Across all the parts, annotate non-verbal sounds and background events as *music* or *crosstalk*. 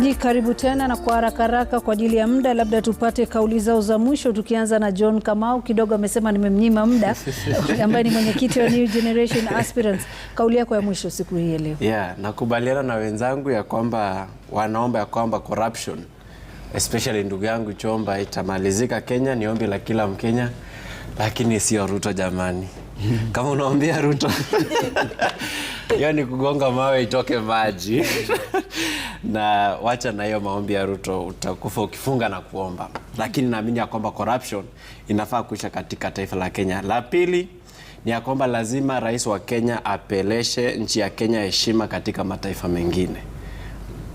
Ni karibu tena na kwa haraka haraka, kwa ajili ya muda, labda tupate kauli zao za mwisho, tukianza na John Kamau. Kidogo amesema nimemnyima muda, *laughs* ambaye ni mwenyekiti wa New Generation Aspirants. Kauli yako ya mwisho siku hii leo? Yeah, nakubaliana na wenzangu ya kwamba wanaomba ya kwamba corruption especially ndugu yangu Chomba itamalizika Kenya. Ni ombi la kila Mkenya, lakini sio Ruto jamani, *laughs* kama unaombea Ruto *laughs* hiyo *laughs* ni kugonga mawe itoke maji *laughs* na wacha na hiyo maombi ya Ruto, utakufa ukifunga na kuomba, lakini naamini ya kwamba corruption inafaa kuisha katika taifa la Kenya. La pili ni ya kwamba lazima rais wa Kenya apeleshe nchi ya Kenya heshima katika mataifa mengine.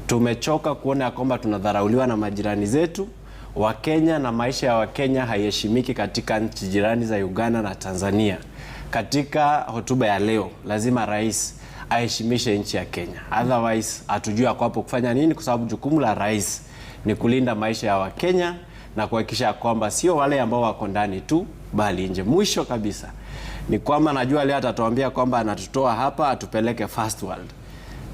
Tumechoka kuona ya kwamba tunadharauliwa na majirani zetu Wakenya na maisha ya Wakenya haiheshimiki katika nchi jirani za Uganda na Tanzania. Katika hotuba ya leo, lazima rais aheshimishe nchi ya Kenya, otherwise hatujui ako hapo kufanya nini, kwa sababu jukumu la rais ni kulinda maisha ya Wakenya na kuhakikisha kwamba sio wale ambao wako ndani tu bali nje. Mwisho kabisa ni kwamba najua leo atatuambia kwamba anatutoa hapa atupeleke first world.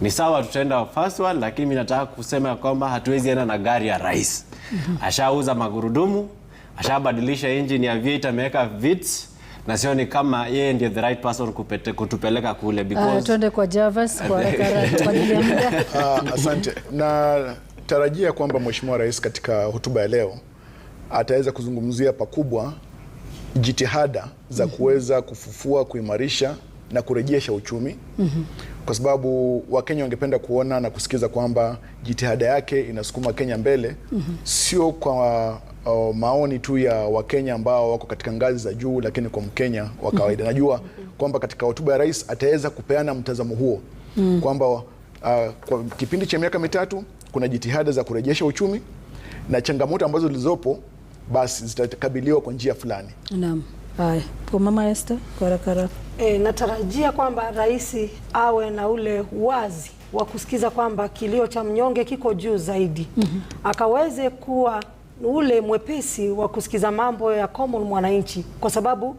Ni sawa, tutaenda first world, lakini mimi nataka kusema kwamba hatuwezi enda na gari ya rais. Mhm. Ashauza magurudumu, ashabadilisha engine ya V8, ameweka vits na ni kama yeye ndiye the right person kupete, kutupeleka kule ah, because uh, tuende kwa Javas *laughs* kwa ajili Uh, *laughs* asante na tarajia kwamba Mheshimiwa Rais katika hotuba ya leo ataweza kuzungumzia pakubwa jitihada za mhm. kuweza kufufua, kuimarisha na kurejesha uchumi mm -hmm. Kwa sababu Wakenya wangependa kuona na kusikiza kwamba jitihada yake inasukuma Kenya mbele mm -hmm. Sio kwa uh, maoni tu ya Wakenya ambao wako katika ngazi za juu, lakini kwa Mkenya wa mhm. kawaida najua kwamba katika hotuba ya rais ataweza kupeana mtazamo huo mm. kwamba uh, kwa kipindi cha miaka mitatu kuna jitihada za kurejesha uchumi na changamoto ambazo zilizopo basi zitakabiliwa kwa njia fulani. Naam. Haya, kwa mama Esther kwa haraka e, natarajia kwamba rais awe na ule uwazi wa kusikiza kwamba kilio cha mnyonge kiko juu zaidi mm -hmm. akaweze kuwa ule mwepesi wa kusikiza mambo ya common mwananchi, kwa sababu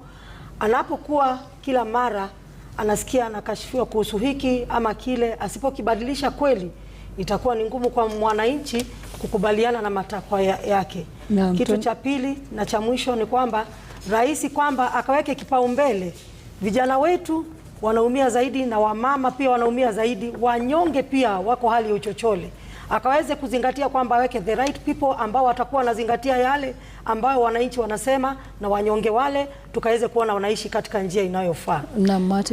anapokuwa kila mara anasikia anakashifiwa kuhusu hiki ama kile, asipokibadilisha kweli itakuwa ni ngumu kwa mwananchi kukubaliana na matakwa yake. Na kitu cha pili na cha mwisho ni kwamba rais kwamba akaweke kipaumbele vijana wetu wanaumia zaidi na wamama pia wanaumia zaidi, wanyonge pia wako hali ya uchochole akaweze kuzingatia kwamba aweke the right people ambao watakuwa wanazingatia yale ambayo wananchi wanasema na wanyonge wale, tukaweze kuona wanaishi katika njia inayofaa.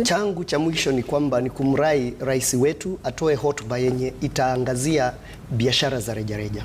Changu cha mwisho ni kwamba ni kumrai rais wetu atoe hotuba yenye itaangazia biashara za rejareja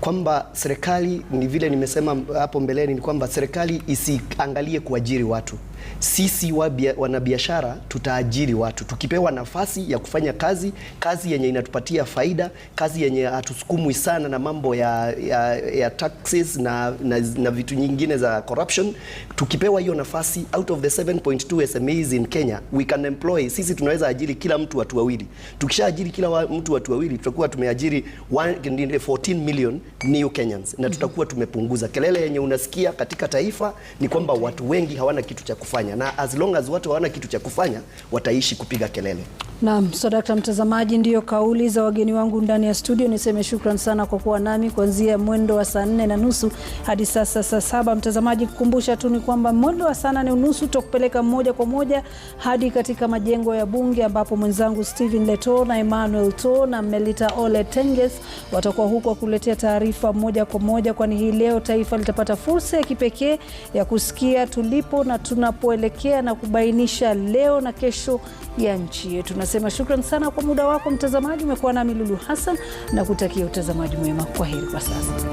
kwamba serikali ni vile nimesema hapo mbeleni, ni kwamba serikali isiangalie kuajiri watu sisi wanabiashara tutaajiri watu tukipewa nafasi ya kufanya kazi, kazi yenye inatupatia faida, kazi yenye hatusukumwi sana na mambo ya, ya, ya taxes na, na, na vitu nyingine za corruption. Tukipewa hiyo nafasi, out of the 7.2 SMEs in Kenya we can employ, sisi tunaweza ajiri kila mtu watu wawili. Tukishaajiri kila wa, mtu watu wawili, tutakuwa tumeajiri 14 million new Kenyans na tutakuwa tumepunguza kelele yenye unasikia katika taifa ni kwamba watu wengi hawana kitu cha kufanya, na as long as watu hawana kitu cha kufanya wataishi kupiga kelele. Naam, so dakta mtazamaji, ndiyo kauli za wageni wangu ndani ya studio. Niseme shukran sana kwa kuwa nami kuanzia mwendo wa saa nne na nusu hadi sasa saa saba. Mtazamaji, kukumbusha tu ni kwamba mwendo wa saa nane unusu tutakupeleka moja kwa moja hadi katika majengo ya Bunge ambapo mwenzangu Stephen Leto na Emmanuel To na Melita Ole Tenges watakuwa huko kuletea taarifa moja kwa moja, kwani hii leo taifa litapata fursa ya kipekee ya kusikia tulipo na tuna tunapoelekea na kubainisha leo na kesho ya nchi yetu. Nasema shukran sana kwa muda wako mtazamaji. Umekuwa nami Lulu Hassan na kutakia utazamaji mwema. Kwa heri kwa sasa.